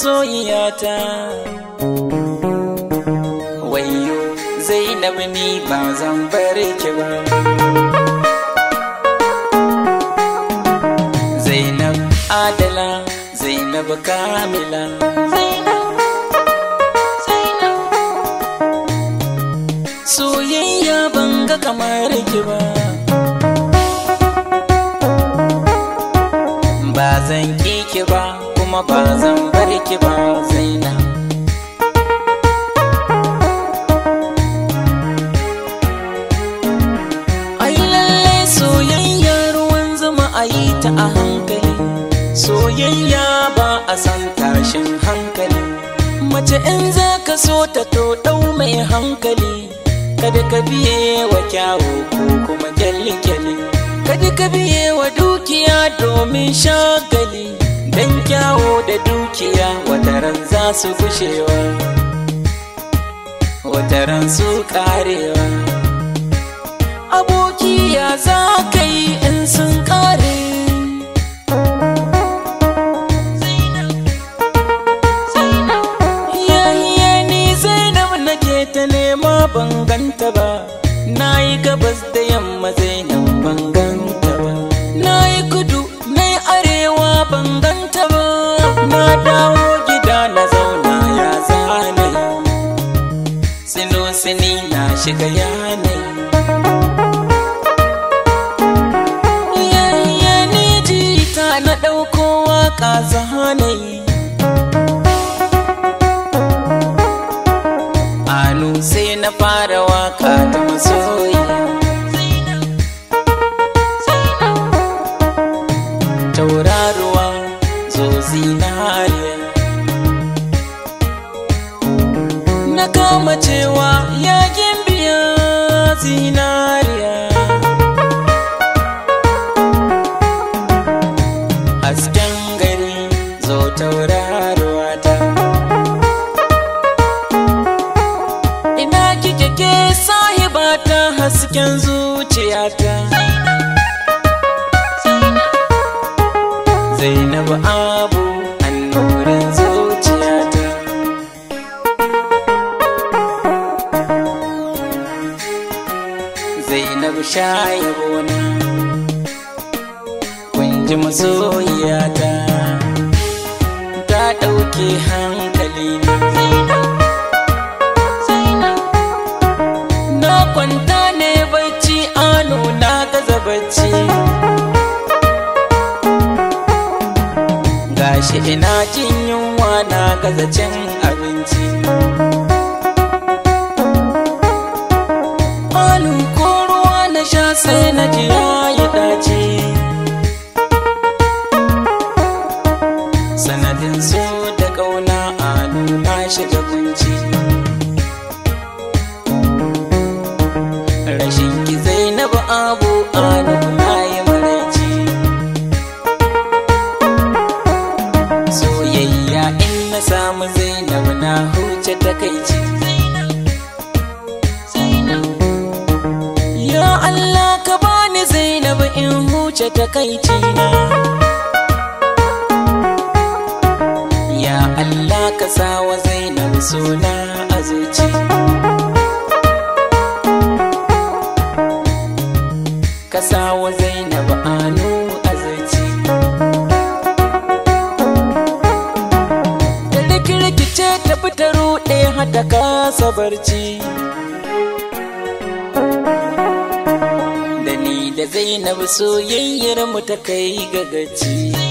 masoyiyata wayo zainab ni ba zan bare ki ba zainab adala zainab kamila soyayya ban ga kamar ki ba ba zan ki ba kuma ba zan kiban ai lalle soyayyar ruwan zuma a yi ta a hankali soyayya ba a san tashin hankali mace in za ka so ta to ɗau mai hankali kada ka biye wa kyawu ko kuma kyalli kyalli kada ka wa dukiya domin shagali dan kyawo da dukiya wataran za su gushewa wataran su karewa aboki ya za ka yi in sun kare ta nema ban ganta ba na yi gabas da yamma zai sino sini na shiga yanayi ya ni ta na ɗauko waka zahanayi anu sai na fara waka da masu. na kama cewa yakin biya zinariya hasken gari zo tauraruwa ta ina kike ke sahibata hasken zuciyata zainabu an ah. na shaye gona kun ji masoyiyata ta ɗauke hankali na kwanta ne bacci alo na gaza bacci gashi ina jin yunwa na gaza cin abinci alhaji ya yi sanadin so da ƙauna a nuna shiga kunci rashin ki zainabu abu a nuna yi maraici soyayya in na samu zainabu na huce takaici wuce takaici ya Allah ka wa zainab suna a zuci ka wa zainab anu a zuci da rikice ta fita ruɗe hata kasa barci da zainab soyayyar mu ta kai ga gaci